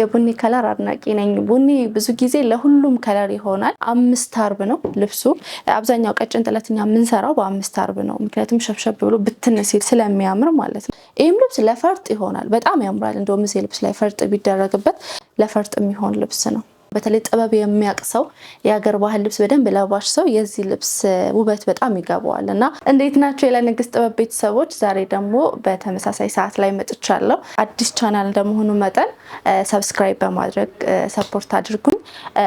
የቡኒ ከለር አድናቂ ነኝ። ቡኒ ብዙ ጊዜ ለሁሉም ከለር ይሆናል። አምስት አርብ ነው ልብሱ። አብዛኛው ቀጭን ጥለትኛ የምንሰራው በአምስት አርብ ነው፣ ምክንያቱም ሸብሸብ ብሎ ብትን ሲል ስለሚያምር ማለት ነው። ይህም ልብስ ለፈርጥ ይሆናል። በጣም ያምራል። እንደውም እዚህ ልብስ ላይ ፈርጥ ቢደረግበት ለፈርጥ የሚሆን ልብስ ነው። በተለይ ጥበብ የሚያውቅ ሰው የሀገር ባህል ልብስ በደንብ ለባሽ ሰው የዚህ ልብስ ውበት በጣም ይገባዋል። እና እንዴት ናቸው የላይ ጥበብ ቤተሰቦች? ዛሬ ደግሞ በተመሳሳይ ሰዓት ላይ መጥቻለሁ። አዲስ ቻናል እንደመሆኑ መጠን ሰብስክራይብ በማድረግ ሰፖርት አድርጉኝ።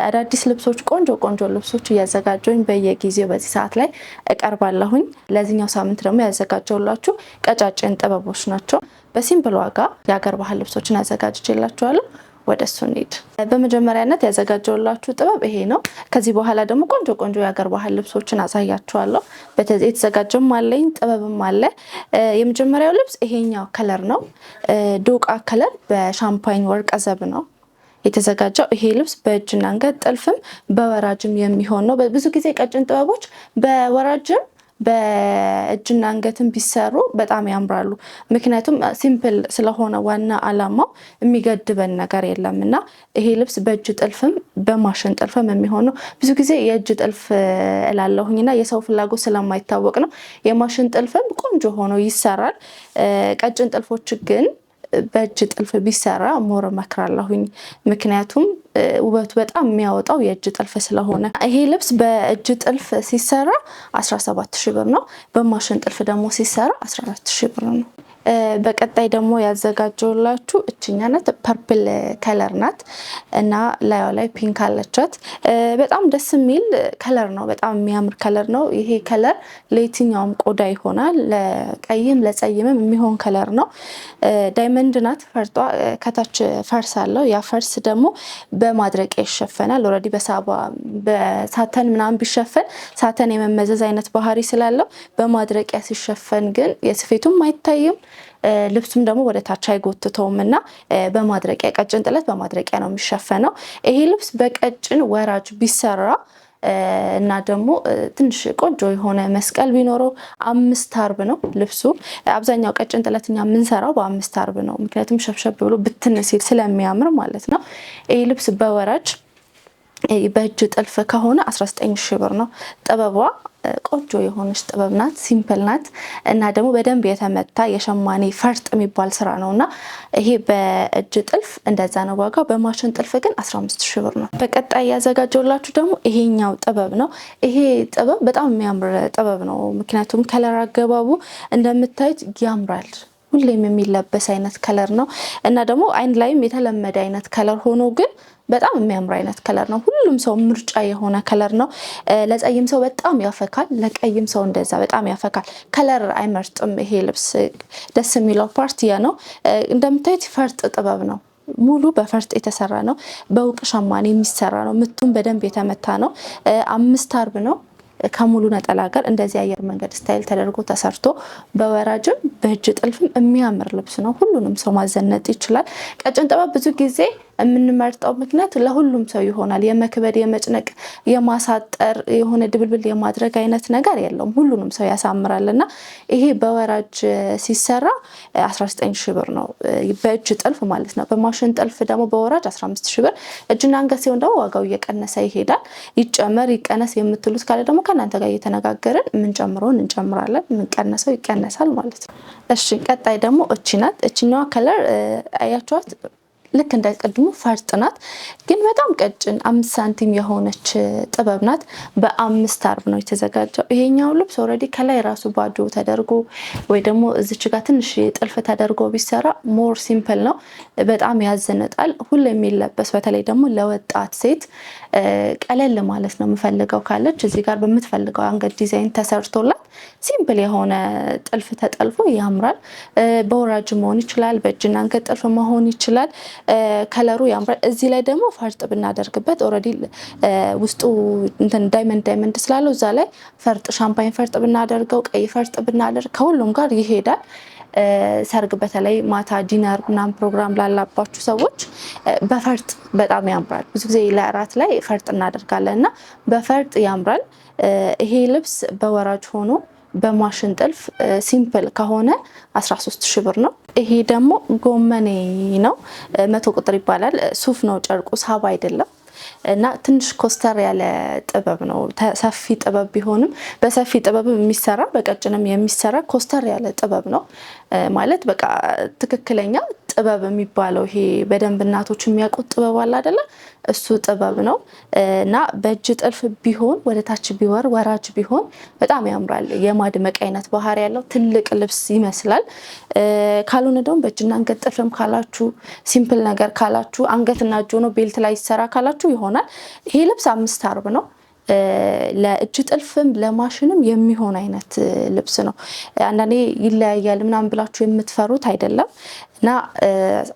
አዳዲስ ልብሶች፣ ቆንጆ ቆንጆ ልብሶች እያዘጋጀሁኝ በየጊዜው በዚህ ሰዓት ላይ እቀርባለሁኝ። ለዚህኛው ሳምንት ደግሞ ያዘጋጀሁላችሁ ቀጫጭን ጥበቦች ናቸው። በሲምፕል ዋጋ የሀገር ባህል ልብሶችን አዘጋጅቼላችኋለሁ። ወደ እሱ እንሂድ። በመጀመሪያነት ያዘጋጀውላችሁ ጥበብ ይሄ ነው። ከዚህ በኋላ ደግሞ ቆንጆ ቆንጆ የሀገር ባህል ልብሶችን አሳያችኋለሁ። የተዘጋጀም አለኝ ጥበብም አለ። የመጀመሪያው ልብስ ይሄኛው ከለር ነው። ዶቃ ከለር በሻምፓኝ ወርቀ ዘብ ነው የተዘጋጀው ይሄ ልብስ በእጅና አንገት ጥልፍም በወራጅም የሚሆን ነው። ብዙ ጊዜ ቀጭን ጥበቦች በወራጅም በእጅና አንገትን ቢሰሩ በጣም ያምራሉ። ምክንያቱም ሲምፕል ስለሆነ ዋና አላማው የሚገድበን ነገር የለም እና ይሄ ልብስ በእጅ ጥልፍም በማሽን ጥልፍም የሚሆኑ ብዙ ጊዜ የእጅ ጥልፍ እላለሁኝና የሰው ፍላጎት ስለማይታወቅ ነው። የማሽን ጥልፍም ቆንጆ ሆኖ ይሰራል። ቀጭን ጥልፎች ግን በእጅ ጥልፍ ቢሰራ ሞር እመክራለሁኝ ምክንያቱም ውበቱ በጣም የሚያወጣው የእጅ ጥልፍ ስለሆነ ይሄ ልብስ በእጅ ጥልፍ ሲሰራ 17 ብር ነው። በማሽን ጥልፍ ደግሞ ሲሰራ 14 ብር ነው። በቀጣይ ደግሞ ያዘጋጀውላችሁ እችኛ ናት። ፐርፕል ከለር ናት እና ላዩ ላይ ፒንክ አለቻት። በጣም ደስ የሚል ከለር ነው። በጣም የሚያምር ከለር ነው። ይሄ ከለር ለየትኛውም ቆዳ ይሆናል። ለቀይም ለጸይምም የሚሆን ከለር ነው። ዳይመንድ ናት። ፈርጧ ከታች ፈርስ አለው። ያ ፈርስ ደግሞ በማድረቂያ ይሸፈናል። ኦልሬዲ በሳባ በሳተን ምናምን ቢሸፈን ሳተን የመመዘዝ አይነት ባህሪ ስላለው በማድረቂያ ሲሸፈን ግን የስፌቱም አይታይም ልብሱም ደግሞ ወደ ታች አይጎትተውም እና በማድረቂያ ቀጭን ጥለት በማድረቂያ ነው የሚሸፈነው። ይሄ ልብስ በቀጭን ወራጅ ቢሰራ እና ደግሞ ትንሽ ቆንጆ የሆነ መስቀል ቢኖረው አምስት አርብ ነው ልብሱ። አብዛኛው ቀጭን ጥለት እኛ የምንሰራው በአምስት አርብ ነው፣ ምክንያቱም ሸብሸብ ብሎ ብትን ሲል ስለሚያምር ማለት ነው። ይህ ልብስ በወራጅ በእጅ ጥልፍ ከሆነ 19 ሽ ብር ነው። ጥበቧ ቆንጆ የሆነች ጥበብ ናት፣ ሲምፕል ናት እና ደግሞ በደንብ የተመታ የሸማኔ ፈርጥ የሚባል ስራ ነው እና ይሄ በእጅ ጥልፍ እንደዛ ነው ዋጋው። በማሽን ጥልፍ ግን 15 ሺህ ብር ነው። በቀጣይ ያዘጋጀውላችሁ ደግሞ ይሄኛው ጥበብ ነው። ይሄ ጥበብ በጣም የሚያምር ጥበብ ነው። ምክንያቱም ከለር አገባቡ እንደምታዩት ያምራል። ሁሌም የሚለበስ አይነት ከለር ነው እና ደግሞ አይን ላይም የተለመደ አይነት ከለር ሆኖ ግን በጣም የሚያምር አይነት ከለር ነው። ሁሉም ሰው ምርጫ የሆነ ከለር ነው። ለጸይም ሰው በጣም ያፈካል፣ ለቀይም ሰው እንደዛ በጣም ያፈካል። ከለር አይመርጥም። ይሄ ልብስ ደስ የሚለው ፓርት ነው። እንደምታዩት ፈርጥ ጥበብ ነው። ሙሉ በፈርጥ የተሰራ ነው። በውቅ ሸማኔ የሚሰራ ነው። ምቱም በደንብ የተመታ ነው። አምስት አርብ ነው ከሙሉ ነጠላ ጋር እንደዚህ አየር መንገድ ስታይል ተደርጎ ተሰርቶ በወራጅም በእጅ ጥልፍም የሚያምር ልብስ ነው። ሁሉንም ሰው ማዘነጥ ይችላል። ቀጭን ጥበብ ብዙ ጊዜ የምንመርጠው ምክንያት ለሁሉም ሰው ይሆናል። የመክበድ፣ የመጭነቅ፣ የማሳጠር የሆነ ድብልብል የማድረግ አይነት ነገር የለውም። ሁሉንም ሰው ያሳምራል እና ይሄ በወራጅ ሲሰራ 19 ሺ ብር ነው በእጅ ጥልፍ ማለት ነው። በማሽን ጥልፍ ደግሞ በወራጅ 15 ሺ ብር፣ እጅና አንገት ሲሆን ደግሞ ዋጋው እየቀነሰ ይሄዳል። ይጨመር ይቀነስ የምትሉት ካለ ደግሞ ከእናንተ ጋር እየተነጋገርን የምንጨምረውን እንጨምራለን፣ የምንቀነሰው ይቀነሳል ማለት ነው። እሺ ቀጣይ ደግሞ እቺ ናት። እችኛዋ ከለር አያቸዋት ልክ እንደ ቅድሙ ፈርጥ ናት፣ ግን በጣም ቀጭን አምስት ሳንቲም የሆነች ጥበብ ናት። በአምስት አርብ ነው የተዘጋጀው። ይሄኛው ልብስ ኦልሬዲ ከላይ ራሱ ባዶ ተደርጎ ወይ ደግሞ እዚች ትንሽ ጥልፍ ተደርጎ ቢሰራ ሞር ሲምፕል ነው። በጣም ያዘነጣል። ሁሉ የሚለበስ በተለይ ደግሞ ለወጣት ሴት ቀለል ማለት ነው የምፈልገው ካለች እዚህ ጋር በምትፈልገው አንገት ዲዛይን ተሰርቶላት ሲምፕል የሆነ ጥልፍ ተጠልፎ ያምራል። በወራጅ መሆን ይችላል። በእጅና አንገት ጥልፍ መሆን ይችላል። ከለሩ ያምራል። እዚህ ላይ ደግሞ ፈርጥ ብናደርግበት ኦልሬዲ ውስጡ ዳይመንድ ዳይመንድ ስላለው እዛ ላይ ፈርጥ ሻምፓኝ ፈርጥ ብናደርገው ቀይ ፈርጥ ብናደርግ ከሁሉም ጋር ይሄዳል። ሰርግ በተለይ ማታ ዲነር ምናምን ፕሮግራም ላላባችሁ ሰዎች በፈርጥ በጣም ያምራል። ብዙ ጊዜ ለእራት ላይ ፈርጥ እናደርጋለን እና በፈርጥ ያምራል። ይሄ ልብስ በወራጅ ሆኖ በማሽን ጥልፍ ሲምፕል ከሆነ 13 ሺ ብር ነው። ይሄ ደግሞ ጎመኔ ነው፣ መቶ ቁጥር ይባላል። ሱፍ ነው ጨርቁ፣ ሳብ አይደለም እና ትንሽ ኮስተር ያለ ጥበብ ነው። ሰፊ ጥበብ ቢሆንም በሰፊ ጥበብ የሚሰራ በቀጭንም የሚሰራ ኮስተር ያለ ጥበብ ነው ማለት በቃ ትክክለኛ ጥበብ የሚባለው ይሄ በደንብ እናቶች የሚያውቁት ጥበብ አለ አደለ? እሱ ጥበብ ነው እና በእጅ ጥልፍ ቢሆን ወደ ታች ቢወር ወራጅ ቢሆን በጣም ያምራል። የማድመቅ አይነት ባህሪ ያለው ትልቅ ልብስ ይመስላል። ካልሆነ ደግሞ በእጅና አንገት ጥልፍም ካላችሁ፣ ሲምፕል ነገር ካላችሁ፣ አንገትና እጅ ሆኖ ቤልት ላይ ይሰራ ካላችሁ ይሆናል። ይሄ ልብስ አምስት አርብ ነው። ለእጅ ጥልፍም ለማሽንም የሚሆን አይነት ልብስ ነው። አንዳንዴ ይለያያል ምናምን ብላችሁ የምትፈሩት አይደለም። እና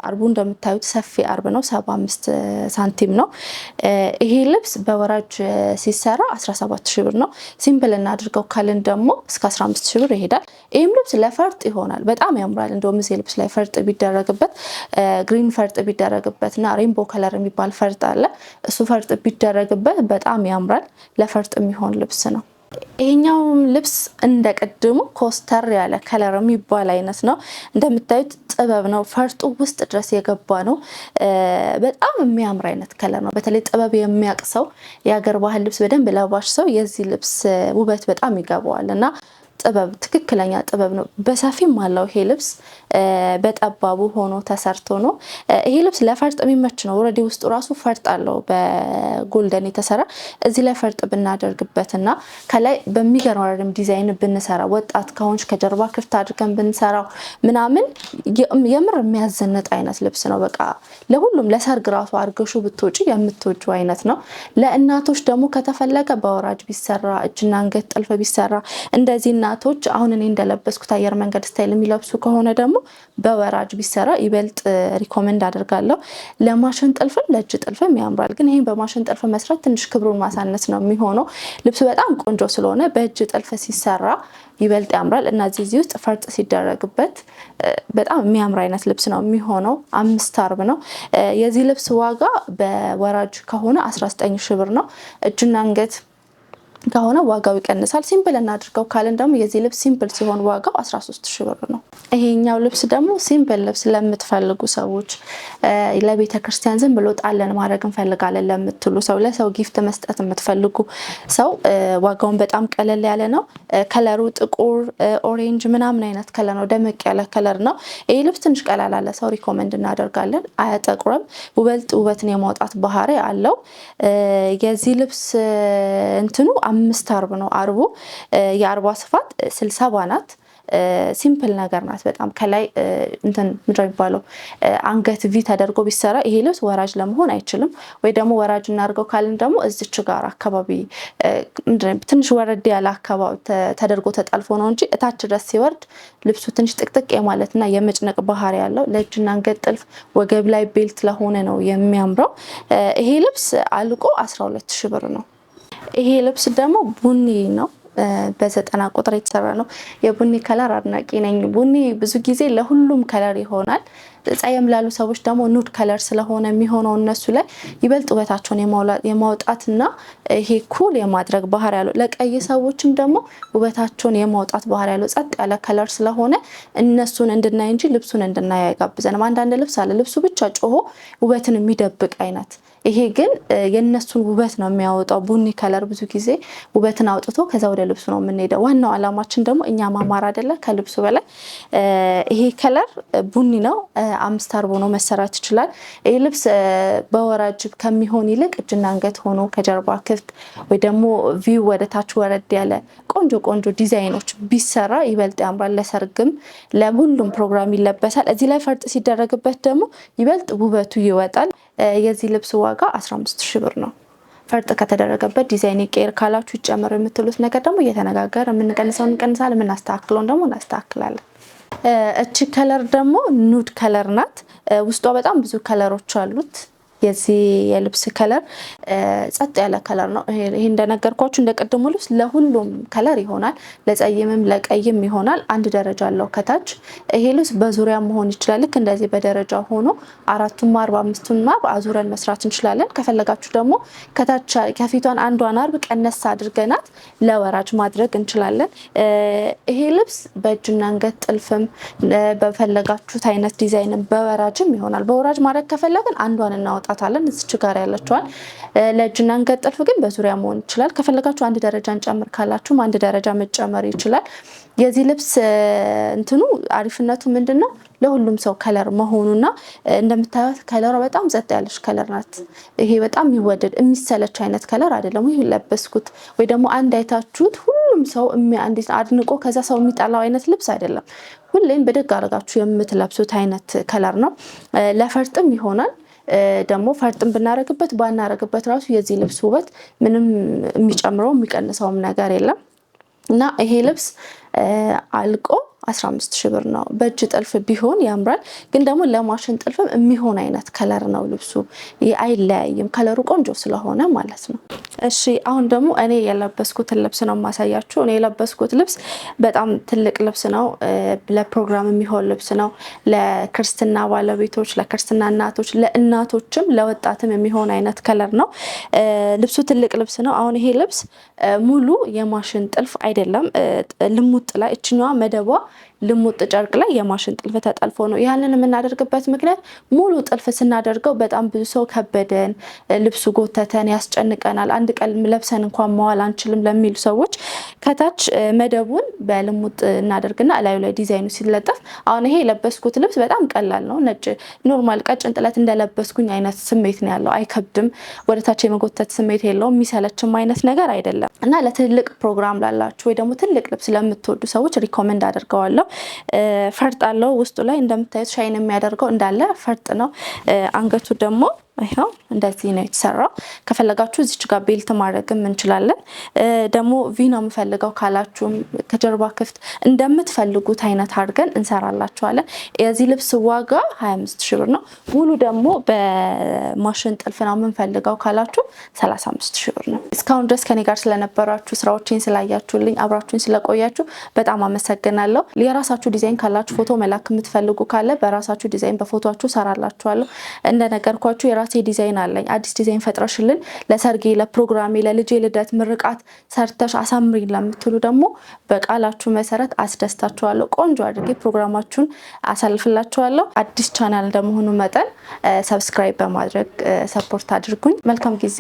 አርቡ እንደምታዩት ሰፊ አርብ ነው። 75 ሳንቲም ነው። ይሄ ልብስ በወራጅ ሲሰራ 17 ሺህ ብር ነው። ሲምፕል እናድርገው ካልን ደግሞ እስከ 15 ብር ይሄዳል። ይህም ልብስ ለፈርጥ ይሆናል። በጣም ያምራል። እንደውም እዚህ ልብስ ላይ ፈርጥ ቢደረግበት፣ ግሪን ፈርጥ ቢደረግበት እና ሬንቦ ከለር የሚባል ፈርጥ አለ። እሱ ፈርጥ ቢደረግበት በጣም ያምራል። ለፈርጥ የሚሆን ልብስ ነው። ይሄኛው ልብስ እንደ ቅድሙ ኮስተር ያለ ከለር የሚባል አይነት ነው። እንደምታዩት ጥበብ ነው፣ ፈርጡ ውስጥ ድረስ የገባ ነው። በጣም የሚያምር አይነት ከለር ነው። በተለይ ጥበብ የሚያቅ ሰው፣ የሀገር ባህል ልብስ በደንብ ለባሽ ሰው የዚህ ልብስ ውበት በጣም ይገባዋል እና ጥበብ ትክክለኛ ጥበብ ነው። በሰፊም አለው ይሄ ልብስ በጠባቡ ሆኖ ተሰርቶ ነው። ይሄ ልብስ ለፈርጥ የሚመች ነው። ረዲ ውስጡ ራሱ ፈርጥ አለው በጎልደን የተሰራ እዚህ ላይ ፈርጥ ብናደርግበት እና ከላይ በሚገርም ዲዛይን ብንሰራ፣ ወጣት ከሆንሽ ከጀርባ ክፍት አድርገን ብንሰራው ምናምን የምር የሚያዘነጥ አይነት ልብስ ነው። በቃ ለሁሉም ለሰርግ ራሱ አርገሹ ብትወጪ የምትወጁ አይነት ነው። ለእናቶች ደግሞ ከተፈለገ በወራጅ ቢሰራ እጅና አንገት ጥልፍ ቢሰራ እንደዚህ እናቶች አሁን እኔ እንደለበስኩት አየር መንገድ ስታይል የሚለብሱ ከሆነ ደግሞ በወራጅ ቢሰራ ይበልጥ ሪኮመንድ አድርጋለሁ። ለማሽን ጥልፍም ለእጅ ጥልፍም ያምራል፣ ግን ይህም በማሽን ጥልፍ መስራት ትንሽ ክብሩን ማሳነስ ነው የሚሆነው። ልብሱ በጣም ቆንጆ ስለሆነ በእጅ ጥልፍ ሲሰራ ይበልጥ ያምራል እና እዚህ ውስጥ ፈርጥ ሲደረግበት በጣም የሚያምር አይነት ልብስ ነው የሚሆነው። አምስት አርብ ነው የዚህ ልብስ ዋጋ። በወራጅ ከሆነ 19 ሺ ብር ነው። እጅና አንገት ከሆነ ዋጋው ይቀንሳል። ሲምፕል እናድርገው ካለን ደግሞ የዚህ ልብስ ሲምፕል ሲሆን ዋጋው 13 ሺ ብር ነው። ይሄኛው ልብስ ደግሞ ሲምፕል ልብስ ለምትፈልጉ ሰዎች ለቤተ ክርስቲያን ዝም ብሎ ጣለን ማድረግ እንፈልጋለን ለምትሉ ሰው፣ ለሰው ጊፍት መስጠት የምትፈልጉ ሰው ዋጋውን በጣም ቀለል ያለ ነው። ከለሩ ጥቁር፣ ኦሬንጅ ምናምን አይነት ከለር ነው። ደመቅ ያለ ከለር ነው። ይህ ልብስ ትንሽ ቀላል አለ ሰው ሪኮመንድ እናደርጋለን። አያጠቁረም። ውበልጥ ውበትን የማውጣት ባህሪ አለው። የዚህ ልብስ እንትኑ አምስት አርብ ነው አርቡ። የአርቧ ስፋት ስልሳ ናት። ሲምፕል ነገር ናት በጣም ከላይ እንትን ምንድነው የሚባለው አንገት ቪ ተደርጎ ቢሰራ ይሄ ልብስ ወራጅ ለመሆን አይችልም። ወይ ደግሞ ወራጅ እናድርገው ካልን ደግሞ እዚች ጋር አካባቢ ትንሽ ወረድ ያለ አካባቢ ተደርጎ ተጠልፎ ነው እንጂ እታች ድረስ ሲወርድ ልብሱ ትንሽ ጥቅጥቅ የማለትና የመጭነቅ ባህሪ ያለው ለእጅና አንገት ጥልፍ ወገብ ላይ ቤልት ለሆነ ነው የሚያምረው። ይሄ ልብስ አልቆ 1 ሺ ብር ነው። ይሄ ልብስ ደግሞ ቡኒ ነው። በዘጠና ቁጥር የተሰራ ነው። የቡኒ ከለር አድናቂ ነኝ። ቡኒ ብዙ ጊዜ ለሁሉም ከለር ይሆናል። ጸየም ላሉ ሰዎች ደግሞ ኑድ ከለር ስለሆነ የሚሆነው እነሱ ላይ ይበልጥ ውበታቸውን የማውጣትና ይሄ ኩል የማድረግ ባህር ያለው፣ ለቀይ ሰዎችም ደግሞ ውበታቸውን የማውጣት ባህር ያለው ጸጥ ያለ ከለር ስለሆነ እነሱን እንድናይ እንጂ ልብሱን እንድናይ አይጋብዘንም። አንዳንድ ልብስ አለ ልብሱ ብቻ ጮሆ ውበትን የሚደብቅ አይነት ይሄ ግን የእነሱን ውበት ነው የሚያወጣው። ቡኒ ከለር ብዙ ጊዜ ውበትን አውጥቶ ከዛ ወደ ልብሱ ነው የምንሄደው። ዋናው አላማችን ደግሞ እኛ ማማር አይደለ፣ ከልብሱ በላይ ይሄ ከለር ቡኒ ነው። አምስት አርቦ ነው መሰራት ይችላል። ይህ ልብስ በወራጅ ከሚሆን ይልቅ እጅና አንገት ሆኖ ከጀርባ ክፍት ወይ ደግሞ ቪው ወደታች ወረድ ያለ ቆንጆ ቆንጆ ዲዛይኖች ቢሰራ ይበልጥ ያምራል። ለሰርግም ለሁሉም ፕሮግራም ይለበሳል። እዚህ ላይ ፈርጥ ሲደረግበት ደግሞ ይበልጥ ውበቱ ይወጣል። የዚህ ልብስ ዋጋ 15 ሺ ብር ነው። ፈርጥ ከተደረገበት ዲዛይን ይቀየር ካላችሁ ይጨመሩ የምትሉት ነገር ደግሞ እየተነጋገር የምንቀንሰው እንቀንሳለን፣ የምናስተካክለውን ደግሞ እናስተካክላለን። እቺ ከለር ደግሞ ኑድ ከለር ናት። ውስጧ በጣም ብዙ ከለሮች አሉት። የዚህ የልብስ ከለር ጸጥ ያለ ከለር ነው። ይሄ እንደነገርኳችሁ እንደ ቅድሙ ልብስ ለሁሉም ከለር ይሆናል። ለጸይምም ለቀይም ይሆናል። አንድ ደረጃ አለው ከታች። ይሄ ልብስ በዙሪያ መሆን ይችላል። ልክ እንደዚህ በደረጃ ሆኖ አራቱም አርባ አምስቱን አርብ አዙረን መስራት እንችላለን። ከፈለጋችሁ ደግሞ ከታች ከፊቷን አንዷን አርብ ቀነስ አድርገናት ለወራጅ ማድረግ እንችላለን። ይሄ ልብስ በእጅና አንገት ጥልፍም በፈለጋችሁት አይነት ዲዛይንም በወራጅም ይሆናል። በወራጅ ማድረግ ከፈለግን አንዷን እናወጣ እናውቃታለን። እዚች ጋር ያለችዋል። ለእጅና አንገት ጥልፍ ግን በዙሪያ መሆን ይችላል። ከፈለጋችሁ አንድ ደረጃ እንጨምር ካላችሁም አንድ ደረጃ መጨመር ይችላል። የዚህ ልብስ እንትኑ አሪፍነቱ ምንድን ነው? ለሁሉም ሰው ከለር መሆኑና እንደምታዩት ከለሯ በጣም ጸጥ ያለች ከለር ናት። ይሄ በጣም የሚወደድ የሚሰለች አይነት ከለር አይደለም። ይህ ለበስኩት ወይ ደግሞ አንድ አይታችሁት ሁሉም ሰው አድንቆ ከዛ ሰው የሚጠላው አይነት ልብስ አይደለም። ሁሌም በደግ አድርጋችሁ የምትለብሱት አይነት ከለር ነው። ለፈርጥም ይሆናል ደግሞ ፈርጥም ብናረግበት ባናረግበት ራሱ የዚህ ልብስ ውበት ምንም የሚጨምረው የሚቀንሰውም ነገር የለም እና ይሄ ልብስ አልቆ 15 ሺህ ብር ነው። በእጅ ጥልፍ ቢሆን ያምራል፣ ግን ደግሞ ለማሽን ጥልፍም የሚሆን አይነት ከለር ነው ልብሱ፣ አይለያይም። ከለሩ ቆንጆ ስለሆነ ማለት ነው። እሺ አሁን ደግሞ እኔ የለበስኩትን ልብስ ነው የማሳያችሁ። እኔ የለበስኩት ልብስ በጣም ትልቅ ልብስ ነው። ለፕሮግራም የሚሆን ልብስ ነው። ለክርስትና ባለቤቶች፣ ለክርስትና እናቶች፣ ለእናቶችም ለወጣትም የሚሆን አይነት ከለር ነው። ልብሱ ትልቅ ልብስ ነው። አሁን ይሄ ልብስ ሙሉ የማሽን ጥልፍ አይደለም። ልሙጥ ላይ እችኛዋ መደቧ ልሙጥ ጨርቅ ላይ የማሽን ጥልፍ ተጠልፎ ነው። ያንን የምናደርግበት ምክንያት ሙሉ ጥልፍ ስናደርገው በጣም ብዙ ሰው ከበደን፣ ልብሱ ጎተተን፣ ያስጨንቀናል፣ አንድ ቀን ለብሰን እንኳን መዋል አንችልም ለሚሉ ሰዎች ከታች መደቡን በልሙጥ እናደርግና እላዩ ላይ ዲዛይኑ ሲለጠፍ አሁን ይሄ የለበስኩት ልብስ በጣም ቀላል ነው። ነጭ ኖርማል ቀጭን ጥለት እንደለበስኩኝ አይነት ስሜት ነው ያለው። አይከብድም፣ ወደታች የመጎተት ስሜት የለውም፣ የሚሰለችም አይነት ነገር አይደለም እና ለትልቅ ፕሮግራም ላላችሁ ወይ ደግሞ ትልቅ ልብስ ለምትወዱ ሰዎች ሪኮመንድ አድርገዋል። አድርጌዋለሁ። ፈርጥ አለው ውስጡ ላይ እንደምታዩት ሻይን የሚያደርገው እንዳለ ፈርጥ ነው። አንገቱ ደግሞ ይኸው እንደዚህ ነው የተሰራው። ከፈለጋችሁ እዚች ጋር ቤልት ማድረግም እንችላለን። ደግሞ ቪና የምፈልገው ካላችሁም ከጀርባ ክፍት እንደምትፈልጉት አይነት አድርገን እንሰራላችኋለን። የዚህ ልብስ ዋጋ 25 ሺ ብር ነው። ሙሉ ደግሞ በማሽን ነው የምንፈልገው ካላችሁ 35 ሺህ ብር ነው። እስካሁን ድረስ ከኔ ጋር ስለነበራችሁ፣ ስራዎችን ስላያችሁልኝ፣ አብራችሁን ስለቆያችሁ በጣም አመሰግናለሁ። የራሳችሁ ዲዛይን ካላችሁ ፎቶ መላክ የምትፈልጉ ካለ በራሳችሁ ዲዛይን በፎቶችሁ ሰራላችኋለሁ። እንደነገርኳችሁ የራሴ ዲዛይን አለኝ፣ አዲስ ዲዛይን ፈጥረሽልን ለሰርጌ፣ ለፕሮግራሜ፣ ለልጅ ልደት፣ ምርቃት ሰርተሽ አሳምሪን ለምትሉ ደግሞ በቃላችሁ መሰረት አስደስታችኋለሁ። ቆንጆ አድርጌ ፕሮግራማችሁን አሳልፍላችኋለሁ። አዲስ ቻናል እንደመሆኑ መጠን ሰብስክራይብ በማድረግ ሰፖርት አድርጉኝ። መልካም ጊዜ